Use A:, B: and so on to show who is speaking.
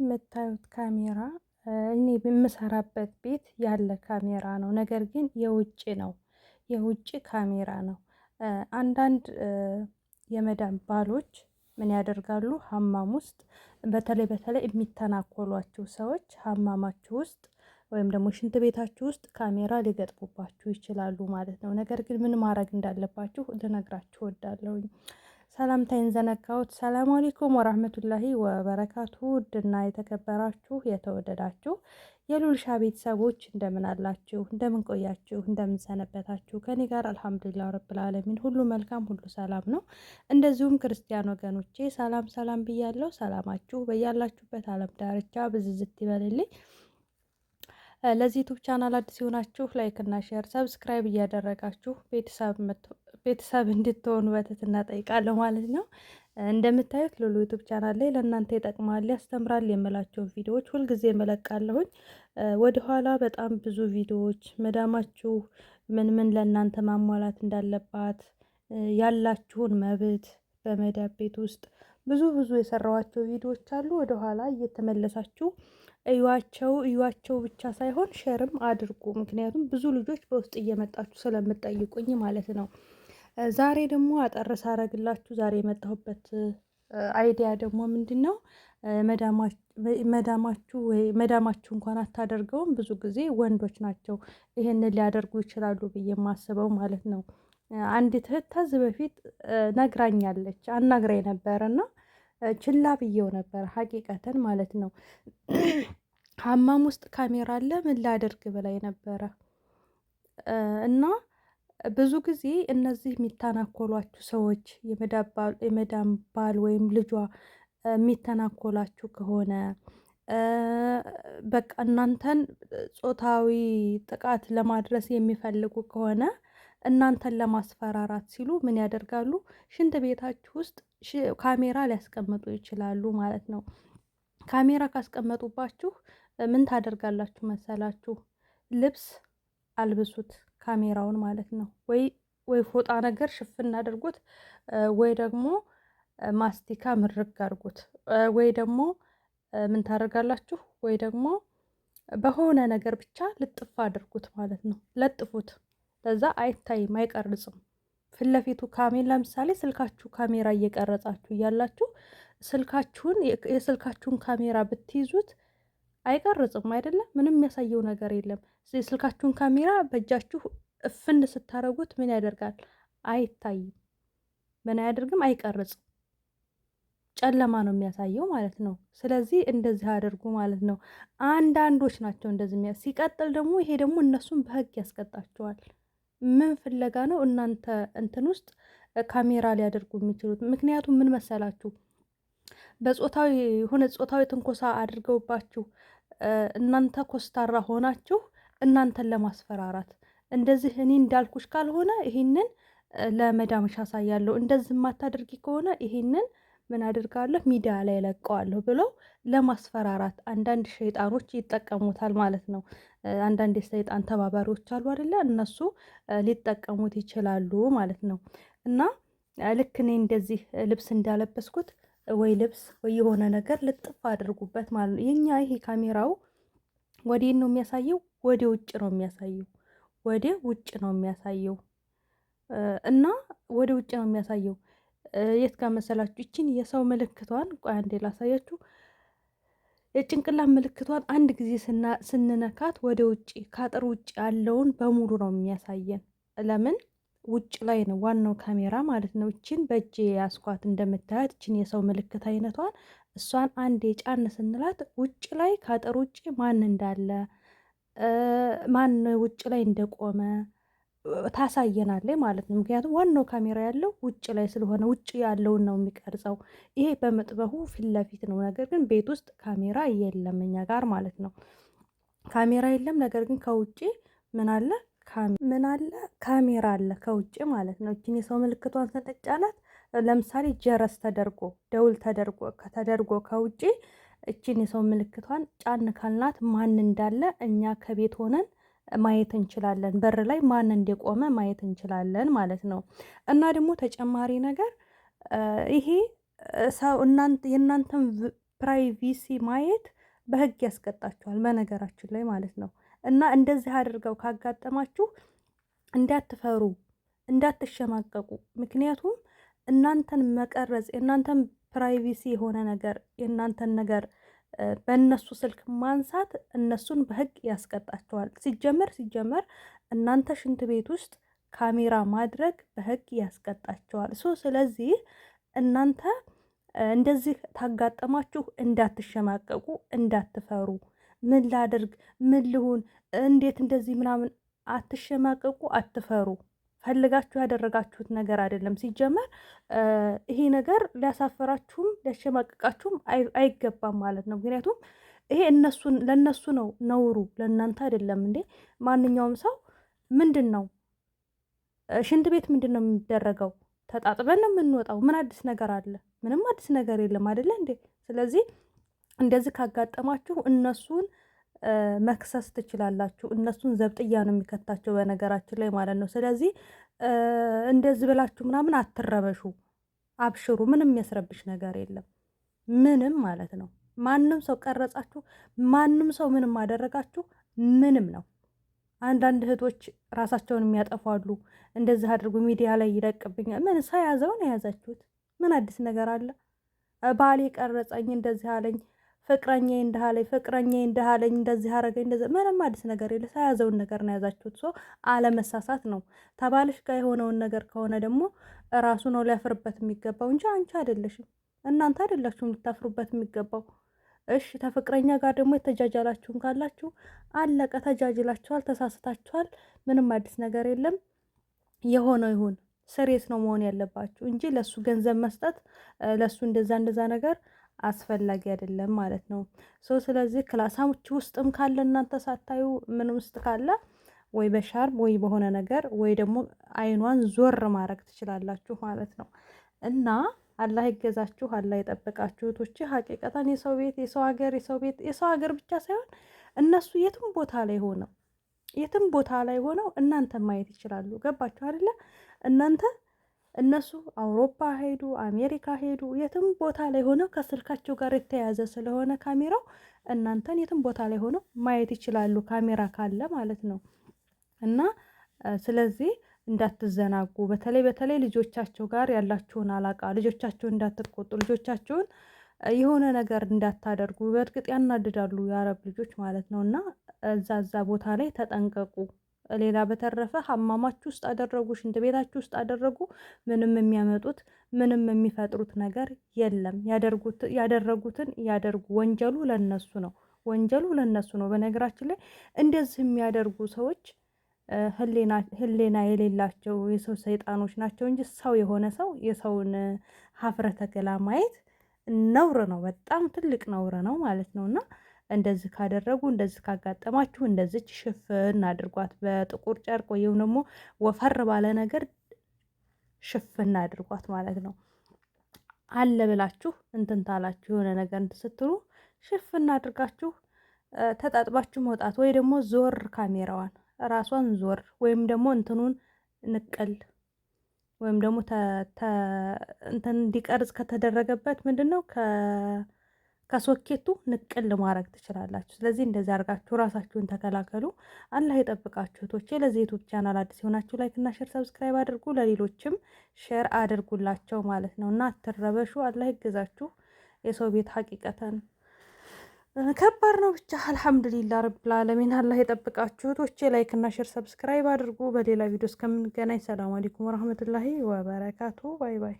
A: የምታዩት ካሜራ እኔ በምሰራበት ቤት ያለ ካሜራ ነው። ነገር ግን የውጭ ነው የውጭ ካሜራ ነው። አንዳንድ የመዳም ባሎች ምን ያደርጋሉ? ሀማም ውስጥ በተለይ በተለይ የሚተናኮሏችሁ ሰዎች ሀማማችሁ ውስጥ ወይም ደግሞ ሽንት ቤታችሁ ውስጥ ካሜራ ሊገጥሙባችሁ ይችላሉ ማለት ነው። ነገር ግን ምን ማድረግ እንዳለባችሁ ልነግራችሁ ወዳለሁኝ። ሰላምታይን ዘነጋሁት። ሰላም አለይኩም ወራህመቱላሂ ወበረካቱ። ውድና የተከበራችሁ የተወደዳችሁ የሉልሻ ቤተሰቦች እንደምን አላችሁ? እንደምን ቆያችሁ? እንደምን ሰነበታችሁ? ከኔ ጋር አልሐምዱሊላህ ረብል ዓለሚን ሁሉ መልካም፣ ሁሉ ሰላም ነው። እንደዚሁም ክርስቲያን ወገኖቼ ሰላም ሰላም ብያለሁ። ሰላማችሁ በያላችሁበት ዓለም ዳርቻ ብዝዝት ይበልልኝ። ለዚህ ዩቱብ ቻናል አዲስ የሆናችሁ ላይክ እና ሼር፣ ሰብስክራይብ እያደረጋችሁ ቤተሰብ ቤተሰብ እንድትሆኑ በትህትና ጠይቃለሁ ማለት ነው። እንደምታዩት ሉሉ ዩቱብ ቻናል ላይ ለእናንተ ይጠቅማል፣ ያስተምራል የምላቸውን ቪዲዮዎች ሁልጊዜ መለቃለሁኝ። ወደኋላ በጣም ብዙ ቪዲዮዎች መዳማችሁ ምን ምን ለእናንተ ማሟላት እንዳለባት ያላችሁን መብት በመዳብ ቤት ውስጥ ብዙ ብዙ የሰራዋቸው ቪዲዮዎች አሉ። ወደኋላ እየተመለሳችሁ እዩዋቸው። እዩዋቸው ብቻ ሳይሆን ሸርም አድርጉ። ምክንያቱም ብዙ ልጆች በውስጥ እየመጣችሁ ስለምጠይቁኝ ማለት ነው። ዛሬ ደግሞ አጠር ሳረግላችሁ ዛሬ የመጣሁበት አይዲያ ደግሞ ምንድን ነው? መዳማችሁ ወይ መዳማችሁ እንኳን አታደርገውም። ብዙ ጊዜ ወንዶች ናቸው ይሄንን ሊያደርጉ ይችላሉ ብዬ የማስበው ማለት ነው። አንዲት እህት ከዚህ በፊት ነግራኛለች፣ አናግራኝ ነበር እና ችላ ብዬው ነበር ሀቂቀተን ማለት ነው። ሀማም ውስጥ ካሜራ አለ ምን ላደርግ ብላኝ ነበረ እና ብዙ ጊዜ እነዚህ የሚታናኮሏችሁ ሰዎች የመዳም ባል ወይም ልጇ የሚተናኮላችሁ ከሆነ በቃ እናንተን ጾታዊ ጥቃት ለማድረስ የሚፈልጉ ከሆነ እናንተን ለማስፈራራት ሲሉ ምን ያደርጋሉ? ሽንት ቤታችሁ ውስጥ ካሜራ ሊያስቀምጡ ይችላሉ ማለት ነው። ካሜራ ካስቀመጡባችሁ ምን ታደርጋላችሁ መሰላችሁ? ልብስ አልብሱት። ካሜራውን ማለት ነው። ወይ ወይ ፎጣ ነገር ሽፍን አድርጉት፣ ወይ ደግሞ ማስቲካ ምርግ አድርጉት፣ ወይ ደግሞ ምን ታደርጋላችሁ፣ ወይ ደግሞ በሆነ ነገር ብቻ ልጥፍ አድርጉት ማለት ነው። ለጥፉት፣ ለዛ አይታይም፣ አይቀርጽም። ፊት ለፊቱ ካሜን ለምሳሌ ስልካችሁ ካሜራ እየቀረጻችሁ እያላችሁ ስልካችሁን የስልካችሁን ካሜራ ብትይዙት አይቀርጽም አይደለም። ምንም የሚያሳየው ነገር የለም። ስልካችሁን ካሜራ በእጃችሁ እፍን ስታደርጉት ምን ያደርጋል? አይታይም። ምን አያደርግም? አይቀርጽም። ጨለማ ነው የሚያሳየው ማለት ነው። ስለዚህ እንደዚህ አድርጉ ማለት ነው። አንዳንዶች ናቸው እንደዚህ ሚያ ሲቀጥል ደግሞ ይሄ ደግሞ እነሱን በህግ ያስቀጣቸዋል። ምን ፍለጋ ነው እናንተ እንትን ውስጥ ካሜራ ሊያደርጉ የሚችሉት? ምክንያቱም ምን መሰላችሁ በጾታዊ የሆነ ጾታዊ ትንኮሳ አድርገውባችሁ እናንተ ኮስታራ ሆናችሁ እናንተን ለማስፈራራት እንደዚህ እኔ እንዳልኩሽ ካልሆነ ይሄንን ለመዳምሽ አሳያለሁ፣ እንደዚህ የማታደርጊ ከሆነ ይሄንን ምን አድርጋለሁ ሚዲያ ላይ ለቀዋለሁ ብለው ለማስፈራራት አንዳንድ ሸይጣኖች ይጠቀሙታል ማለት ነው። አንዳንድ የሰይጣን ተባባሪዎች አሉ አደለ? እነሱ ሊጠቀሙት ይችላሉ ማለት ነው። እና ልክ እኔ እንደዚህ ልብስ እንዳለበስኩት ወይ ልብስ ወይ የሆነ ነገር ልጥፍ አድርጉበት ማለት ነው። የኛ ይሄ ካሜራው ወዴን ነው የሚያሳየው? ወደ ውጭ ነው የሚያሳየው። ወደ ውጭ ነው የሚያሳየው እና ወደ ውጭ ነው የሚያሳየው። የት ጋር መሰላችሁ? ይችን የሰው ምልክቷን ቆይ አንዴ ላሳያችሁ። የጭንቅላት ምልክቷን አንድ ጊዜ ስንነካት ወደ ውጭ ከአጥር ውጭ ያለውን በሙሉ ነው የሚያሳየን። ለምን ውጭ ላይ ነው ዋናው ካሜራ ማለት ነው። እችን በእጅ ያስኳት እንደምታያት እችን የሰው ምልክት አይነቷን እሷን አንድ የጫን ስንላት ውጭ ላይ ከአጥር ውጭ ማን እንዳለ ማን ውጭ ላይ እንደቆመ ታሳየናለች ማለት ነው። ምክንያቱም ዋናው ካሜራ ያለው ውጭ ላይ ስለሆነ ውጭ ያለውን ነው የሚቀርጸው። ይሄ በመጥበቡ ፊት ለፊት ነው። ነገር ግን ቤት ውስጥ ካሜራ የለም እኛ ጋር ማለት ነው። ካሜራ የለም። ነገር ግን ከውጭ ምን አለ ምን አለ ካሜራ አለ ከውጭ ማለት ነው። እችን የሰው ምልክቷን ስንጫናት ለምሳሌ ጀረስ ተደርጎ ደውል ተደርጎ ከተደርጎ ከውጭ እችን የሰው ምልክቷን ጫን ካልናት ማን እንዳለ እኛ ከቤት ሆነን ማየት እንችላለን። በር ላይ ማን እንደቆመ ማየት እንችላለን ማለት ነው። እና ደግሞ ተጨማሪ ነገር ይሄ ሰው የእናንተን ፕራይቬሲ ማየት በህግ ያስቀጣችኋል በነገራችን ላይ ማለት ነው። እና እንደዚህ አድርገው ካጋጠማችሁ እንዳትፈሩ፣ እንዳትሸማቀቁ። ምክንያቱም እናንተን መቀረጽ የእናንተን ፕራይቬሲ የሆነ ነገር የእናንተን ነገር በእነሱ ስልክ ማንሳት እነሱን በህግ ያስቀጣቸዋል። ሲጀመር ሲጀመር እናንተ ሽንት ቤት ውስጥ ካሜራ ማድረግ በህግ ያስቀጣቸዋል። ሶ ስለዚህ እናንተ እንደዚህ ታጋጠማችሁ እንዳትሸማቀቁ፣ እንዳትፈሩ። ምን ላድርግ፣ ምን ልሁን፣ እንዴት እንደዚህ ምናምን አትሸማቀቁ፣ አትፈሩ። ፈልጋችሁ ያደረጋችሁት ነገር አይደለም። ሲጀመር ይሄ ነገር ሊያሳፈራችሁም ሊያሸማቀቃችሁም አይገባም ማለት ነው። ምክንያቱም ይሄ እነሱን ለእነሱ ነው ነውሩ፣ ለእናንተ አይደለም እንዴ። ማንኛውም ሰው ምንድን ነው ሽንት ቤት ምንድን ነው የሚደረገው? ተጣጥበን ነው የምንወጣው። ምን አዲስ ነገር አለ? ምንም አዲስ ነገር የለም አይደለ እንዴ? ስለዚህ እንደዚህ ካጋጠማችሁ እነሱን መክሰስ ትችላላችሁ። እነሱን ዘብጥያ ነው የሚከታቸው በነገራችን ላይ ማለት ነው። ስለዚህ እንደዚህ ብላችሁ ምናምን አትረበሹ፣ አብሽሩ። ምንም የሚያስረብሽ ነገር የለም ምንም ማለት ነው። ማንም ሰው ቀረጻችሁ፣ ማንም ሰው ምንም አደረጋችሁ፣ ምንም ነው። አንዳንድ እህቶች ራሳቸውን የሚያጠፋሉ። እንደዚህ አድርጉ ሚዲያ ላይ ይለቅብኛል። ምን ሰው ያዘውን የያዛችሁት ምን አዲስ ነገር አለ? ባሌ ቀረጸኝ እንደዚህ አለኝ ፍቅረኛ እንደሃለኝ ፍቅረኛ እንደሃለኝ እንደዚህ አረገኝ እንደዚ ምንም አዲስ ነገር የለ። ተያዘውን ነገር ነው ያዛችሁት። ሰው አለመሳሳት ነው። ተባልሽ ጋር የሆነውን ነገር ከሆነ ደግሞ ራሱ ነው ሊያፍርበት የሚገባው እንጂ አንቺ አይደለሽም። እናንተ አይደላችሁም ልታፍሩበት የሚገባው። እሺ ተፍቅረኛ ጋር ደግሞ የተጃጃላችሁን ካላችሁ አለቀ። ተጃጅላችኋል፣ ተሳስታችኋል። ምንም አዲስ ነገር የለም። የሆነው ይሁን። ስሬት ነው መሆን ያለባችሁ እንጂ ለሱ ገንዘብ መስጠት ለሱ እንደዛ እንደዛ ነገር አስፈላጊ አይደለም ማለት ነው። ሶ ስለዚህ ክላሳች ውስጥም ካለ እናንተ ሳታዩ ምን ውስጥ ካለ ወይ በሻርብ ወይ በሆነ ነገር ወይ ደግሞ አይኗን ዞር ማድረግ ትችላላችሁ ማለት ነው። እና አላህ ይገዛችሁ፣ አላህ ይጠብቃችሁ። እህቶቼ። ሀቂቀታን የሰው ቤት የሰው ሀገር የሰው ቤት የሰው ሀገር ብቻ ሳይሆን እነሱ የትም ቦታ ላይ ሆነው የትም ቦታ ላይ ሆነው እናንተ ማየት ይችላሉ። ገባችሁ አይደለ እናንተ እነሱ አውሮፓ ሄዱ፣ አሜሪካ ሄዱ፣ የትም ቦታ ላይ ሆነው ከስልካቸው ጋር የተያያዘ ስለሆነ ካሜራው እናንተን የትም ቦታ ላይ ሆነው ማየት ይችላሉ፣ ካሜራ ካለ ማለት ነው። እና ስለዚህ እንዳትዘናጉ፣ በተለይ በተለይ ልጆቻቸው ጋር ያላችሁን አላቃ ልጆቻችሁን እንዳትቆጡ፣ ልጆቻችሁን የሆነ ነገር እንዳታደርጉ። በእርግጥ ያናድዳሉ የአረብ ልጆች ማለት ነው። እና እዛ እዛ ቦታ ላይ ተጠንቀቁ። ሌላ በተረፈ ሀማማች ውስጥ አደረጉ፣ ሽንት ቤታች ውስጥ አደረጉ። ምንም የሚያመጡት ምንም የሚፈጥሩት ነገር የለም። ያደረጉትን ያደርጉ። ወንጀሉ ለነሱ ነው። ወንጀሉ ለነሱ ነው። በነገራችን ላይ እንደዚህ የሚያደርጉ ሰዎች ህሌና የሌላቸው የሰው ሰይጣኖች ናቸው እንጂ ሰው የሆነ ሰው የሰውን ሀፍረተ ገላ ማየት ነውር ነው። በጣም ትልቅ ነውር ነው ማለት ነው እና እንደዚህ ካደረጉ እንደዚህ ካጋጠማችሁ እንደዚች ሽፍን አድርጓት በጥቁር ጨርቅ ወይም ደግሞ ወፈር ባለ ነገር ሽፍን አድርጓት ማለት ነው። አለ ብላችሁ እንትን ታላችሁ የሆነ ነገር እንትን ስትሉ ሽፍን አድርጋችሁ ተጣጥባችሁ መውጣት ወይ ደግሞ ዞር ካሜራዋን ራሷን ዞር ወይም ደግሞ እንትኑን ንቅል ወይም ደግሞ እንትን እንዲቀርጽ ከተደረገበት ምንድን ነው ከ ከሶኬቱ ንቅል ማድረግ ትችላላችሁ። ስለዚህ እንደዚህ አድርጋችሁ ራሳችሁን ተከላከሉ። አላህ የጠብቃችሁ እህቶቼ። ለዚህ ዩቱብ ቻናል አዲስ የሆናችሁ ላይክና ሼር፣ ሰብስክራይብ አድርጉ። ለሌሎችም ሼር አድርጉላቸው ማለት ነው እና አትረበሹ። አላህ ይገዛችሁ። የሰው ቤት ሀቂቀተን ከባድ ነው። ብቻ አልሐምዱሊላ ረብል ዓለሚን አላህ የጠብቃችሁ እህቶቼ። ላይክና ሼር፣ ሰብስክራይብ አድርጉ። በሌላ ቪዲዮ እስከምንገናኝ ሰላም አለይኩም ወረህመቱላሂ ወበረካቱ። ባይ ባይ።